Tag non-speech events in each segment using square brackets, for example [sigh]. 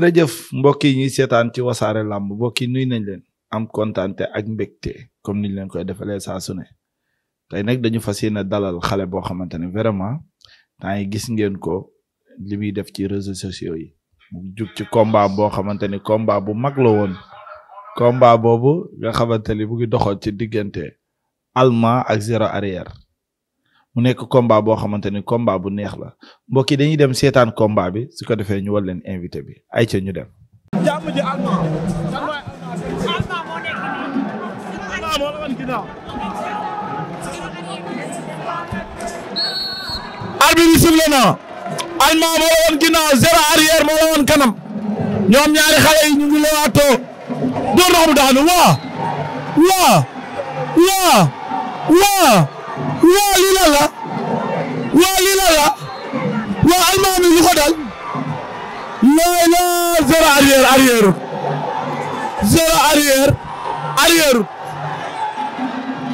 jërëjëf mbokk yi ñuy seetaan ci wasaare làmb mbokk yi nuy nañ leen am kontaante ak mbégte comme niñ leen koy defalee saa su ne tey nag dañu fas yéene dalal xale boo xamante ne vraiment temps yi gis ngeen ko li muy def ci réseaux sociaux yi mu jug ci combat boo xamante ni combat bu mag la woon combat boobu nga xamante ni mu ngi doxoon ci diggante Alma ak zéro arrière mu nekk combat boo xamante ni combat bu neex la mbokki yi dañuy dem seetaan combat bi su ko defee ñu leen invité bi ay ca ñu dem. jàmm ji wan ginnaaw. arbitre arrière moo wan kanam. ñoom ñaari xale yi ñu ngi door na ko daanu waa. waa. waa. waa lii lan la waa lii lan la waa almaami lu ko dal looy la zéro arrière arrière zéro arrière arrière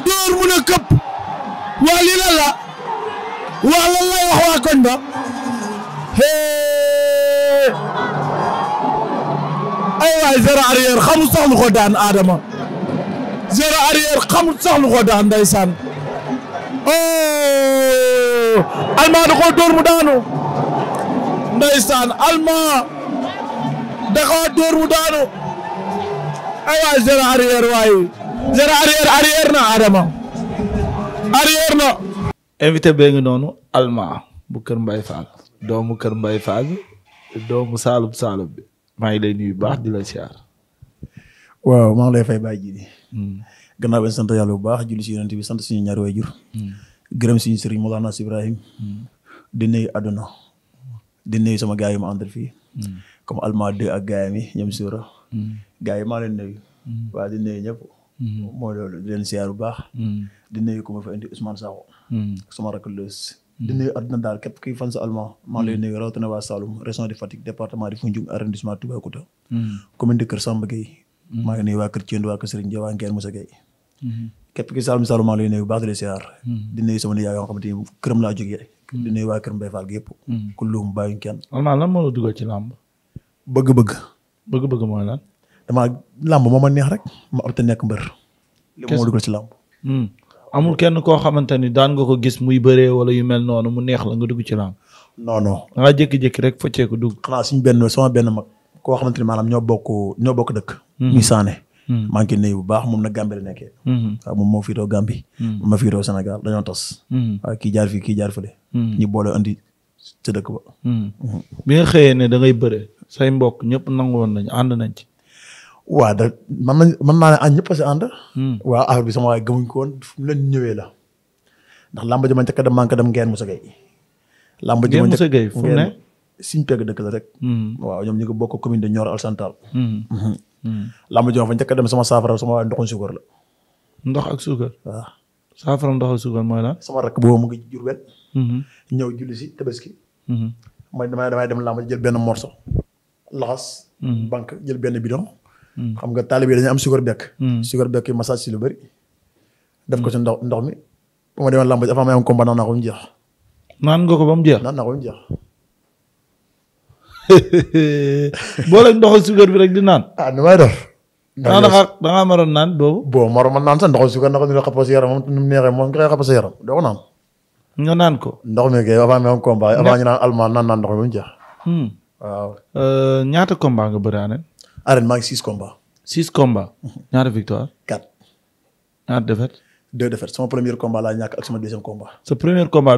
door mu ne këpp waa lii lan la waa lan lay wax waa koñ ba hee ay waay zéro arrière xamul sax lu ko daan Adama zéro arrière xamul sax lu ko daan ndeysaan oh Alma da koo dóor mu daanu ndeysaan Alma da koo dóor mu daanu ay waay zéro arrière waay zéro arrière na Adama arrière na. invité bee ngi noonu Alma bu Kër Mbaye Fall doomu Kër Mbaye Fall doomu Saalum Saalum bi maa ngi lay nuyu baax di la siyaar. waaw maa ngi lay fay bàyyi gannaaw sant yàlla bu baax julli si yonent bi sant suñu ñaari waajur hmm. gërëm suñu sëriñ Mawlana Ibrahim hmm. di nuyu àdduna di nuyu sama gaay yu ma àndal fii hmm. comme alma deux ak gaayam yi ñoom suura gaay yi maa leen nuyu waa di nuyu ñëpp mooy loolu di leen siyaar baax di nuyu ku ma fa sa allemand maa ngi lay nuyu rawatina waa Saloum région de Fatick département de Foundiougne Kër Samba Gueye maa ngi nuyu waa Kër Thiendou waa Kër Serigne Dia waa Mm-hmm. képp ki Saloum Saloum maa ngi lay nuyu bu baax di la siyaar mm-hmm. di nuyu sama nijaay yoo xamante ni këram laa jógee mm-hmm. di nuyu waa kër Mbaye Fall gi yëpp ku luum bàyyiñ kenn Alma lan moo la ci làmb bëgg-bëgg bëgg-bëgg mooy la damaa làmb moo ma neex rek ma am te nekk mbër li ma dugal ci làmb hmm. amul kenn koo xamante ni daan nga ko gis muy bëree wala yu mel noonu mu neex la nga dugg ci làmb non non da ngaa rek fëccee ko dugg xanaa suñu benn sama benn mag koo xamante ni maanaam ñoo bokk ñoo bokk dëkk hmm. Mm-hmm. maa ngi nuyu bu baax moom nag Gambie la nekkee. Mm-hmm. waaw moom moo fiitoo Gambie. Mm-hmm. moom ma fiitoo Sénégal dañoo tas. waaw kii jaar fii kii jaar fële. ñu boole andi ca dëkk ba. bi nga xëyee ne da ngay bëre say mbokk da man nañ mën naa ànd ñëpp a si ànd. waaw affaire bi sama waay gëmuñ ko woon fu mu leen ñëwee la. ndax làmb ji ma njëkk a ngeen Moussa Gueye. làmb ji ma njëkk ngeen Moussa fu ne. suñ pegg dëkk la rek. waaw ñoom ñu ngi bokk commune de Nioro Alassane Tall. Mm. làmb ji ma fa njëkk a dem sama saafara sama waaye ndoxum suukar la. ndox ak suukar. waaw saafara ndox ak suukar mooy lan. sama rakk boobu mu ngi jur wet. Mm-hmm. ñëw julli si tabaski. mooy mm-hmm. damay damay dem làmb jël benn morso. laxas. Mm-hmm. banque jël benn bidon. xam nga taalibe dañu am suukar bekk. suukar bekk yi massage si lu bëri. def ko si ndox ndox mi. bu ma demee làmb ji avant may am combat naan naa ko mu jeex. naan nga ko ba mu jeex. [laughs] boo leen ndoxu suukar bi rek di naan. ah nu may def. da ngaa maroon naan boobu. boo maroon naan sax ndoxu suukar ndox mi nga xappoo sa yaram moom nu mu neexee moom nga xappoo sa yaram naan. ko. ndox mi kay avant mi am naan naan ndox mi ba mu jeex. Hmm. waaw. Euh, ñaata combat nga bëri ane. arène maa ngi six combat. six combat. ñaata victoire. quatre. ñaata défaite. deux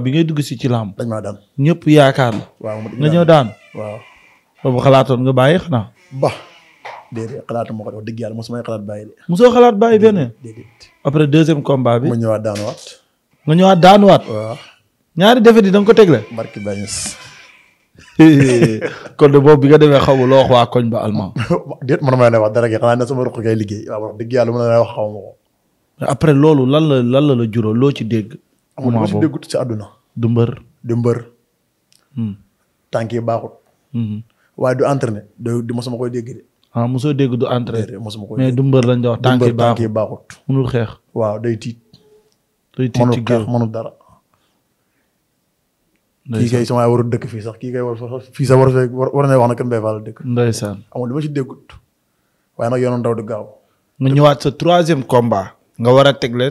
bi ngay dugg si ci làmb. dañ maa daan yaakaar nga ñëw daan. boobu xalaatoon nga bàyyi xanaa. ba déedéet xalaat moo ko wax dëgg yàlla mosuma xalaat bàyyi de. soo xalaat bàyyi benn. après deuxième combat bi. mu ñëwaat daanuwaat. nga ñëwaat daanuwaat. ñaari defet yi da ko tegle. barki Bañes. [laughs] kon de bi nga demee xaw ma loo wax waa koñ ba allemand. [laughs] déet man maa ne wax dara gi xanaa ne sama ruq kay liggéey waaw wax dëgg yàlla mën na wax xaw ma ko. après loolu lan la lan la la juróo loo ci dégg. amul lu ci déggut ci àdduna. du mbër. du mbër. Hmm. tànk baaxut. Hmm. waaye du entraîné du mosuma koy dégg de. ah mosoo dégg du entraîné mosuma koy mais du mbër lañ wax tànk yi baaxut tànk yi baaxut xeex waaw day tiit. day tiit ci géew mënul dara. kii kay sama warul dëkk fii sax kii kay war fii sax war war na wax na kan Mbaye Fall dëkk. ndeysaan amul li ma ci déggut waaye nag yoonu ndaw du gaaw. nga ñëwaat sa troisième combat. nga war a tegle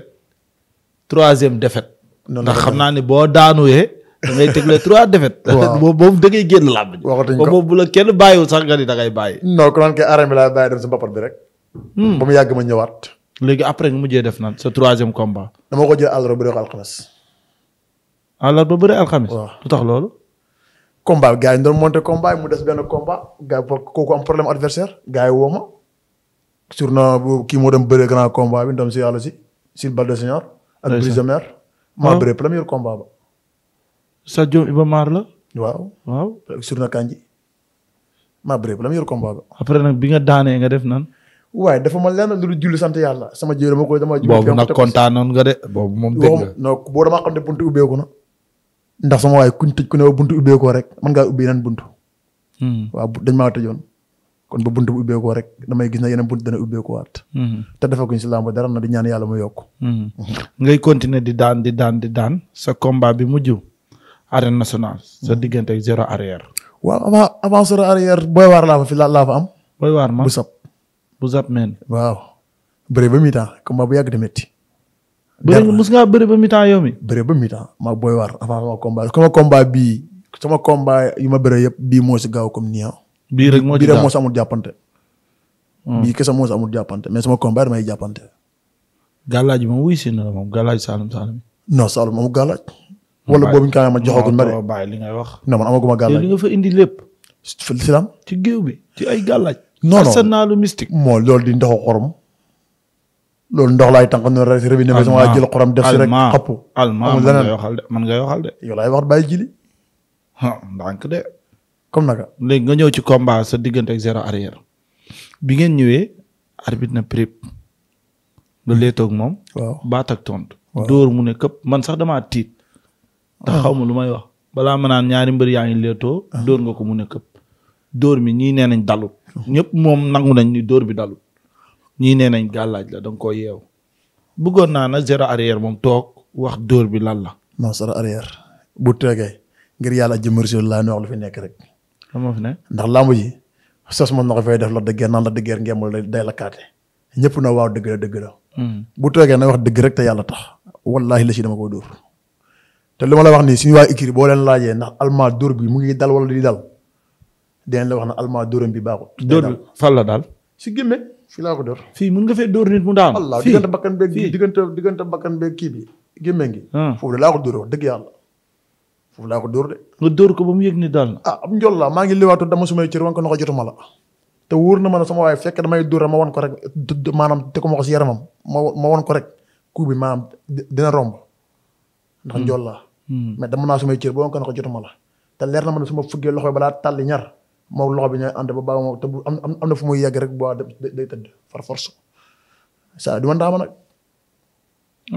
troisième défaite. ndax xam naa ne boo daanuwee. da ngay teg les trois défaites. waaw moom [laughs] moom da ngay génn làmb ji. waxatuñ moom bu la kenn bàyyiwul sax nga ni da ngay bàyyi. non ku naan kay arène bi laay bàyyi dem sa mbapat bi rek. Hmm. ba mu yàgg ma ñëwaat. léegi après nga jee def naan sa troisième combat. dama ko jël àllarba bëri ko alxames. àllarba bëri alxames. waaw lu tax loolu. combat bi gars yi ñu doon monté combat yi mu des benn combat gars yi kooku am problème adversaire gars yi woo ma. sur kii moo dem bëri grand combat bi ndam si yàlla si. Sile Balde Senior. ak Brise de Mer. Sadio Iba Mar la. waaw waaw. sur na kanji maa bëree la mu yor combat ba. après nag bi nga daanee nga def nan. waaye dafa ma lenn lu julli sant yàlla sama jëw dama ko dama. boobu nag kontaanoon nga de boobu moom dégg nga. non boo damaa xam ne buntu ubbeeku na. ndax sama waaye kuñ tëj ku ne buntu ubbeekoo rek mën ngaa ubbi yeneen buntu. Hmm. maa tëjoon. kon ba buntu bu ubbeekoo rek damay gis na yeneen buntu dana ubbeekuwaat. Hmm. te defaguñ si làmb dara na di ñaan yàlla mu yokk. Hmm. ngay continuer di daan di daan di sa combat bi mujj. arène nationale. sa hmm. diggante ak zéro arrière. waaw avant avant zéro waar laa fa fi laa fa am. booy waar ma bu sap. bu sap meen. waaw bëri ba mi-temps bu yàgg di métti. bëri ba mi-temps yow ba mi ma booy waar avant sama combat sama combat bii sama yu ma bëree yëpp bii moo si gaaw comme nii ah. bii rek moo ci moo jàppante. Hmm. bii kese moo si amul jàppante ma sama combat damay jàppante. gàllaaj moom wuy na la moom gàllaaj Saalum wala boobu kaa kaay ma joxagul ma de li ngay wax. non man amaguma gàllaaj li nga fa indi lépp. silam ci géew bi ci ay gàllaaj. non non arsenalu mystique. moo loolu di ndoxu xorom. loolu ndox laay tànk noonu rek si rëbbi ne sama jël xorom rek. man ngay waxal yow laay wax bàyyi jili. ah ndànk de. comme nga ñëw ci combat sa diggante ak arrière. bi ngeen ñëwee. arbitre na prip. nga lee toog moom. waaw baat ak tontu. dóor mu ne këpp man sax damaa tiit. ndax ah. xaw ma lu may wax balaa ma naan ñaari mbër yaa ngi leetoo ah. dóor nga ko mu ne këpp dóor mi ñii nee nañ dalut [laughs] ñëpp moom nangu nañ ni dóor bi dalut ñii nee nañ gàllaaj la da ko yeew bëggoon naa na zéro arrière moom toog wax dóor bi lan la non zéro arrière bu tegee ngir yàlla jëmërsiol laa nu lu fi nekk rek dama fi ne ndax làmb ji sos man na ko fay def la dëggeer naan la dëggeer ngeemul day la kaate ñëpp na waaw dëgg la dëgg la hmm. bu toogee na wax dëgg rek te yàlla tax wallaahi la si dama ko dóor te li ma la wax nii suñu waa écrit boo leen laajee ndax almaa dóor bi mu ngi dal wala di dal dinañ la wax na almaa dóoram bi baaxul. dóor bi daal. si gémme fii laa ko dóor. fii mun nga fee dóor nit mu daan. allah bakkan beeg diggante diggante bakkan beeg kii bi gémme ngi. Ah. laa ko dóor dëgg yàlla foofu laa ko dóor de. dóor ko ba mu yëg ni daal na. ah ab maa ngi liwaatu dama sumay cër wan ko na ko jotuma la. te wóor na ma ne sama waaye fekk damay dóor ma wan ko rek maanaam te ko ma yaramam ma ma wan ko rek kuu bi maanaam dina romb ndax hmm. njool la Hmm. mais dama naa sumay cër boo ko ne ko jotuma la te leer na ma ne ma fuggee loxo balaa tàlli ñar moom loxo bi ñooy ànd ba baax moom te bu am am na fu muy yegg rek bu baax day tëdd far saa du ma ndaama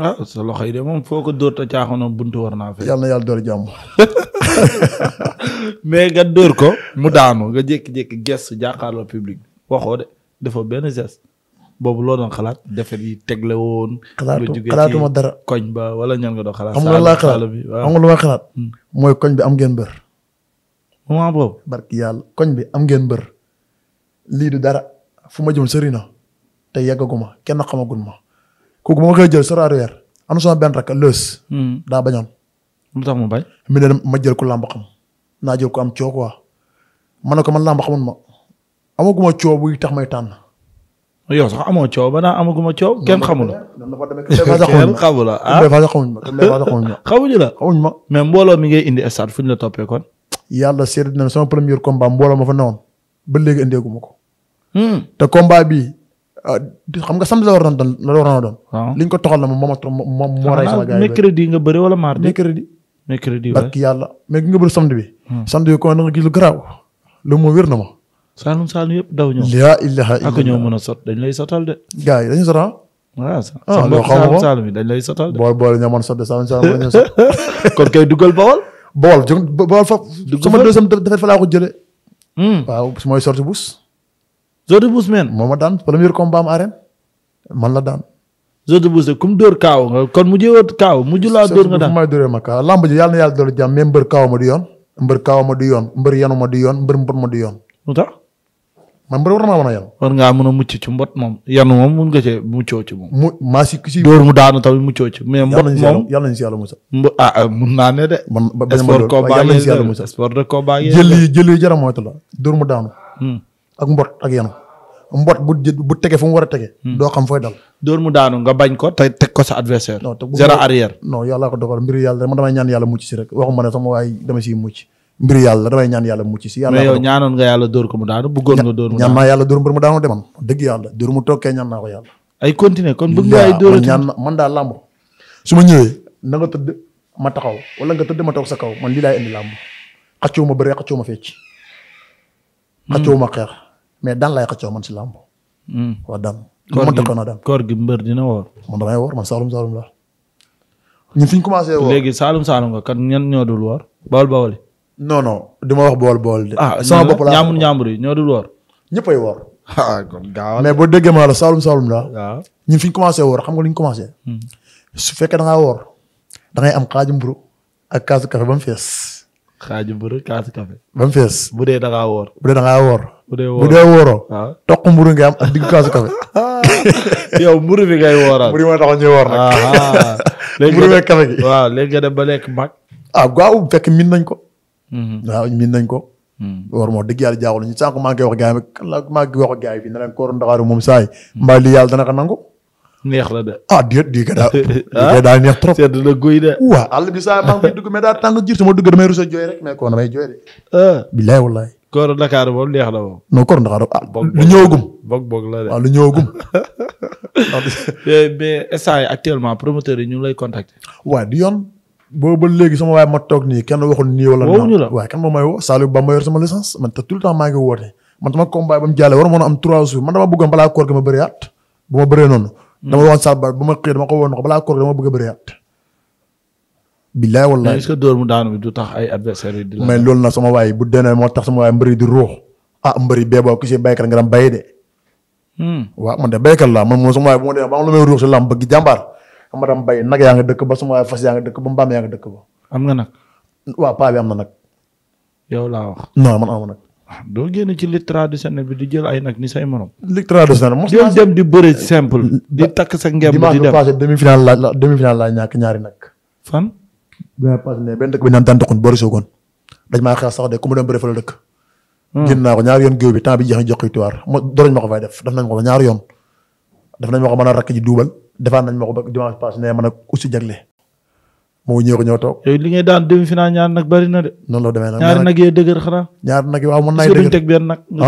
ah, sa loxo yi de moom foo ko dóor te caaxaanoo buntu war naa fee. na yàlla door jàmm. [laughs] mais nga dóor ko mu daanu nga jékki gestu jàkkaarloo public bi waxoo de dafa benn geste. boobu loo doon xalaat defet yi tegle woon. xalaatu xalaatuma dara koñ ba wala ñan nga doon xalaat. am nga laa xalaat nga lu ma xalaat. Hmm. mooy koñ bi am ngeen bër. koñ bi am ngeen bër. lii di dara fu ma jëm sori na te yeggaguma kenn xamagul ma kooku ba ma koy jël soraari weer am na sama mi hmm. ma jël ku làmb xam naa jël ko am coow quoi ma ne ko man làmb xamul ma amaguma coow buy tax may tànn. yow sax amoo coow ba naa amaguma coow kenn xamu la. kenn xamu la ah xamuñu la. xamuñu ma mais mbooloo mi ngay indi stade fu ñu la toppee kon. yàlla seetlu na sama premier combat mbooloo ma fa newoon ba léegi indeegu ma ko. Hmm. te combat bi ah, xam nga samedi la war na doon la war na doon. liñ ko toxal na moom moo moo rey ah, sama gars yi mercredi nga bëri wala mardi. mercredi. mercredi waay barki yàlla mais nga bëri samedi bi. Hmm. samedi bi kon na nga gis lu saalum saalum yëpp daw ñëw. laa ilaha mën a sot dañ lay sotal de. gars yi dañuy sotal. waaw ah, sa mbokk saalum saalum yi dañ lay sotal de. bool bool ñoo mën a sot de saalum saalum la ñu sot. [laughs] kon kay dugal bawol. bawol jë ma fa. dugal sama deuxième fa laa ko jëlee. Hmm. waaw mooy sot bus. sorti bus men. moom ma daan premier combat am man la daan. sorti bus de comme dóor kaaw kon mu jëwoon kaaw mujj laa dóor nga daan. sorti bus bu ma kaaw lamb ji yàlla na yàlla dolli jàmm mais mbër kaaw ma du yoon. mbër kaaw ma du yoon mbër yanu ma ma du yoon. man bëri ma naa mën a yanu. a mucc ci mbot moom yanu moom mun nga cee muccoo ci moom. mu maa si si. dóor mu daanu tamit muccoo ci. mais mbot moom yàlla nañ si yàlla musa. Ah, ah mun naa ne de. man ba beneen sport combat yàlla nañ si yàlla musa jël yi jël yi jaram la dóor mu daanu. Hmm. ak mbot ak yanu. mbot bu bu tege fu mu war a tege. Hmm. doo xam fooy dal. dóor mu daanu nga bañ ko te teg ko sa adversaire. non te bu zéro arrière. non yàlla ko dogal mbir yàlla man damay ñaan yàlla mucc si rek waxuma ne sama waay dama siy mucc mbir yàlla damay ñaan yàlla mucc si. yàlla mais yow ñaanoon nga yàlla dóor ko mu daanu bëggoon nga dóor mu ñaan naa yàlla dóor daanu yàlla dóor mu toog kee ñaan ay continuer kon bëgg nga ay dóor man daal làmb su ma ñëwee na nga tëdd ma taxaw wala nga tëdd ma toog sa kaw man lii laay indi làmb xaccoo ma bëre xaccoo ma fecc. Hmm. xaccoo ma xeex mais daan laay xaccoo man si làmb. Hmm. waa daan. koor gi koor gi mbër dina woor. man damay woor man Saalum Saalum la ñun fi ñu commencé woor léegi Saalum Saalum nga kat ñan ñoo dul woor bawol bawol non di du ma wax bool bool de. ah sama bopp laa ñaamur ñaamur yi ñoo dul woor. ñëppay woor. ah, ah kon gaaw mais boo déggee ma la Saalum Saalum laa. waaw ñun fi ñu commencé xam nga lu ñu commencé. Hmm. su da ngaa woor da am xaaju mburu ak kaasu café ba mu fees. xaaju mburu bu dee da ngaa woor. bu dee da ngaa woor. bu dee wooroo bu dee wooroo. waaw ah. toq mburu ngay am ak digg kaasu café. [laughs] mburu bi ngay wooraat. mburu ma taxoon ñuy woor nag. [laughs] Ah, fekk min nañ ko Mm-hmm. waaw miin nañ ko. Mm-hmm. war moo dëgg yàlla jaaxul ñu sànq maa ngi koy wax gars yi kan la maa ngi wax gars yi fii moom saa yi. Mm-hmm. mbaa lii yàlla la de. ah déet di ko [laughs] daa ah? di ko trop. sedd la guy de. waaw àll bi saa maa ngi koy dugg mais daa tàng jiir sama dugg damay rus a jooy rek mais kooru damay jooy de. Ah. bilaay wallaay. kooru Ndakaaru moom neex la moom. non kooru Ndakaaru ah, lu ñëwagum bog bog [laughs] eh, actuellement promoteurs yi ñu ngi lay contacter. boobu ba léegi sama waaye ma toog nii kenn waxul nii wala. wowuñu la waaye kan moom may woo Saliou Bamba yor sama licence man te tout le temps maa ngi woote man dama combat ba mu jàllee waroon a am trois bu ma bëree ba ma ko woon ko balaa bëgg a bëriyaat. billaay wallaay est-ce que dóor mu daanu bi tax ay adversaires yi di loolu nag sama waay bu denee moo tax sama waay mbëri di ruux ah mbëri bee boo ku si baykat nga daan bay de. Hmm. waaw man de baykat laa man moom sama waay bu ma demee ba am lu may ruux si làmb gi jàmbaar xam nga dama bay nag yaa nga dëkk ba suma fas yaa nga dëkk ba mbaam yaa nga dëkk ba. am na nag. waaw paa bi am na nag. yow laa wax. non man amoon nag. Ah, doo génn ci lutte traditionnelle bi di jël ay nag ni say morom. lutte traditionnelle mos naa dem di bëri simple. di takk sa ngemb di dem dimanche passé demi finale la demi finale laa ñàkk ñaari nag. fan. dimanche passé ne benn dëkk bi naan daan doxul maa xeex sax de ku mu dem bëri fa la dëkk. Hmm. génn naa ko ñaari yoon géew bi temps bi jeex na jox ko tuwaar ma doroñ ma ko fay def daf nañ ma ko ñaari yoon daf nañ ma ko mën a rakk ji duubal defaan nañ ma ko ba dimanche passé nee ma nag aussi jagle moo ñëw ko ñëw toog. li ngay daan demi final ñaar nag bari na de. demee nag ñaari nag yee dëgër xanaa. ñaari nag waaw mën naa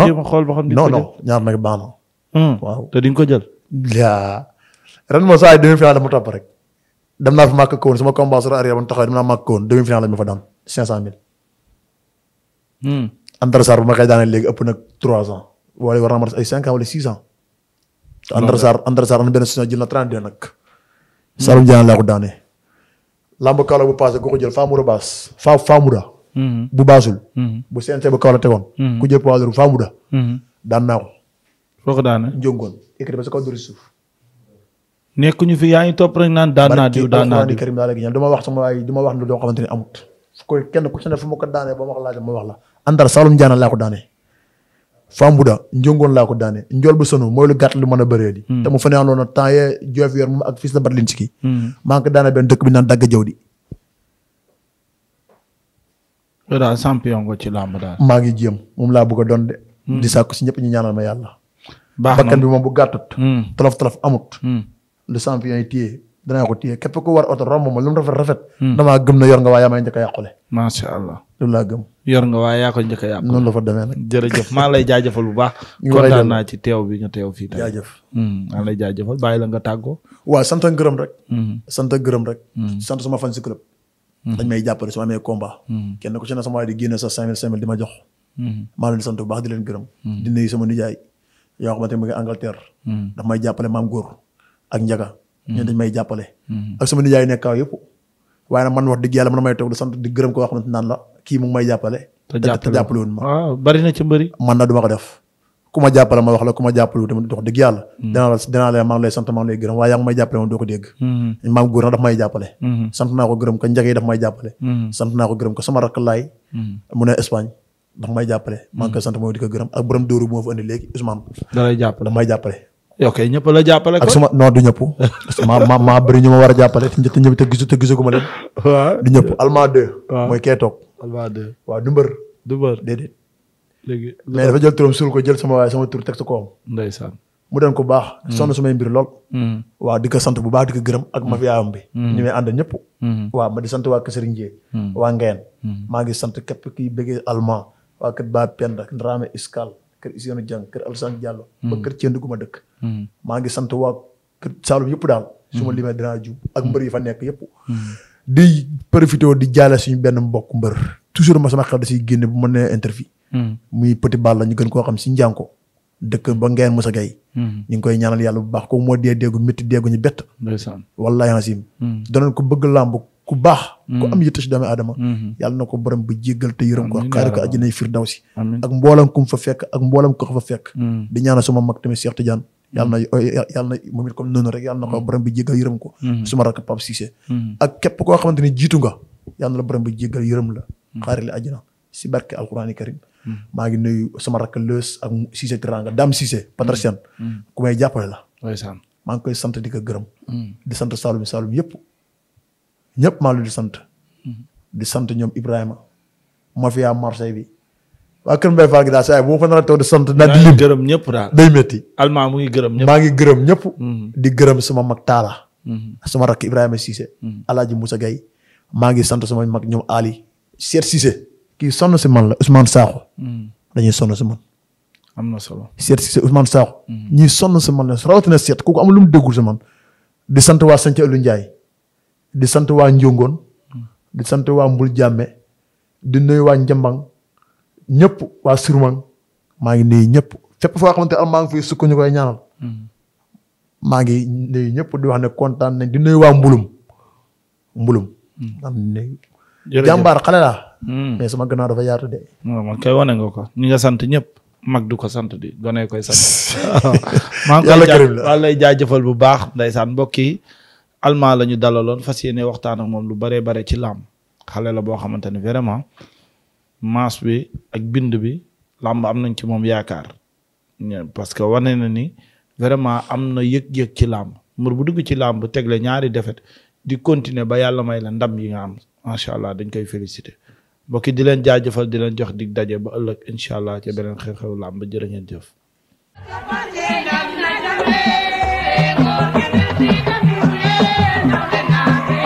ah? a xool ba xam ne. non non ñaar nag hmm. ko jël. yaa ren saa yi demi final dama topp rek. dem naa fi màkk ko woon sama combat sur arrière ba mu taxawee dem naa màkk ko woon demi final la ma fa daan 500000. Antar Sarr bu ma koy daanee léegi ëpp nag trois ans wala war naa mën ay 5 ans wala 6 ans. te Andra Sarr Andra Sarr am na benn a jël na 32 nag. Saloum Diané laa ko daanee. Lamba Kaolack bu paase ku ko jël Famoura Baas Fa mhm. bu baasul. Mhm. bu CNC bu Kaolack tegoon. Mhm. ku jël poids lourd Famoura. daan naa ko. foo ko daanee njongoon écrit ba sa kaw dóor si suuf. nekkuñu fi yaa ngi topp rek naan daan naa diw daan naa diw Karim laa léegi ñaan dama wax sama waay dama wax lu doo xamante ne amut. fu koy kenn ku ci fu ma daanee ba ma wax laaj ma wax la. Andra Saloum Diané laa ko daanee. Fambuda njëngoon laa ko daane njool bu sonu mooy lu gàtt lu mën a bëree hmm. te mu fanaanoon na temps yee joof yor ak fils de Badlinski hmm. maa ngi ci làmb maa ngi jéem moom laa bëgg a doon de hmm. di sàkku si ñëpp ñaanal ma yàlla bakkan bi moom bu gàttut tolof tolof amut lu champion yi téye danaa ko téye képp ku war oto romb ma lu mu rafet rafet. Hmm. damaa gëm na yor nga waa yaa may njëkk a yàqule. macha allah loolu laa gëm. yor nga waa yaa ko njëkk a yàqule. noonu la fa demee nag. jërëjëf maa lay jaajëfal bu baax. [laughs] kontaan naa ci teew bi nga teew fii tamit. jaajëf. Hmm, maa lay jaajëfal bàyyi la nga tàggoo. waaw sant ak gërëm rek. Hmm. sant gërëm rek. sant sama fan si club. dañ may jàppale su ma amee kenn ku ci ne sama génne sa 5000 5000 di ma jox. maa leen sant bu baax leen gërëm. di nuyu sama nijaay yoo xamante mu ngi Angleterre. daf may jàppale maam góor ak njaga ñoom dañ may jàppale mm-hmm. ak sama nijaay nekk kaw yëpp waaye nag man wax dëgg yàlla man may toog di sant di gërëm koo xam ne naan la kii mu may jàppale te jàppale ma na ci mbëri man na du ma ko def ku ma jàppale ma wax la ku ma jàppale mm-hmm. la dinaa la maa ngi lay sant maa ngi lay mm-hmm. na daf may jàppale sant naa ko gërëm ko njëkk yi daf may jàppale sant naa ko gërëm ko sama rakk laay mu ne Espagne daf may jàppale koy sant moom di ko gërëm ak jàppale ok ñëpp la jàppale ak suma non du ñëpp [laughs] ma ma maa bëri ñu ma war a jàppale te ñëpp te gisu te gisu leen du ñëpp alma deux mooy kee toog alma deux waaw du mbër mais dafa jël turam suul ko jël sama waaye sama tur teg sa koom mu doon ko baax mm. sonn sumay mbir lool mm. waaw di ko sant bu baax di ko gërëm ak mm. ma fi yaayam bi ñu may ànd ñëpp ma di sant waa Kër Serigne Ndié waa Ngeen maa ngi sant képp kiy bëggee allemand waa kër Ba Penda Ndramé Iskal kër Ousseynou Dieng kër Alassane Diallo. Hmm. ba kër Thiendou gu ma dëkk. Hmm. maa ngi sant waa kër Saalum yëpp daal. Hmm. su ma limee dinaa jub ak mbër yi fa nekk yëpp. di profité di jaale suñu benn mbokk mbër toujours ma sama xel da siy génne bu ma nee interview. muy Petit Balla ñu gën koo xam si njànko dëkk ba ngeen Moussa Gueye. ñu ngi koy ñaanal yàlla bu baax ko moo dee déggu métti déggu ñu bett. ndeysaan wallaahi asiim. danañ ko bëgg làmb ku baax ku am mm-hmm. yitte ci doomi aadama mm-hmm. yàlla na ko borom ba jéggal te yërëm ko xaari ko àjjana firdawsi ak mboolam kum fa fekk ak mboolam ko fa fekk mm-hmm. di ñaanal sama mag tamit Cheikh Tidiane yàlla na yàlla na moom it comme noonu rek yàlla na ko borom bi jéggal yërëm ko suma rakk Pape Cissé ak képp koo xamante ni jiitu nga yàlla na la borom bi jéggal yërëm la xaari la àjjana si barke alqurani karim maa ngi nuyu sama rakk Leus ak Cissé Teranga Dame Cissé patricienne ñëpp maa lu di sant. di sant ñoom Ibrahima. mafia Marseille bi. waa Kër Mbaye Fall gi daal saa yi boo ko nar a taw di sant. naa di lim gërëm ñëpp daal day métti. almaa mu ngi gërëm maa ngi gërëm ñëpp. Mm-hmm. di gërëm sama mag Talla. Mm-hmm. sama rakk Ibrahima Cissé. Mm-hmm. Alaaji Moussa maa ngi sant sama mag ñoom Ali. Seet kii sonn si man la Ousmane Sakho. dañuy sonn si am na solo Seet Cissé Ousmane Sakho. ñiy sonn si man la Seet kooku am lu mu déggul si man. di sant waa Santhiou Aliou Ndiaye. di sant waa Ndiongone di sant waa Mbul Jàmme di nuyu waa Njambang ñëpp waa Surmang maa ngi nuyu ñëpp fépp foo xamante ngi fiy sukk ñu ngi nuyu ñëpp di wax ne kontaan nañ di nuyu waa Mbulum Mbulum. am hmm. nuyu jàmbaar xale laa. Hmm. mais sama gannaaw dafa yaatu de. waaw kay wane nga ko ñu nga sant ñëpp. mag du ko sant di gone koy sant. [laughs] maa ngi lay jaajëfal bu baax ndeysaan mbokk yi Alma la ñu dalaloon fas yéene waxtaan ak moom lu baree bare ci làmb xale la boo xamante ne vraiment maas bi ak bind bi làmb am nañ ci moom yaakaar parce que wane na ni vraiment am na yëg-yëg ci làmb mbër bu dugg ci làmb bu tegle ñaari defet di continuer ba yàlla may la ndam yi nga am macha allah dañ koy féliciter mbokk di leen jaajëfal di leen jox di daje ba ëllëg incha allah ci beneen xew-xew làmb jërë ngeen jëf. Thank you.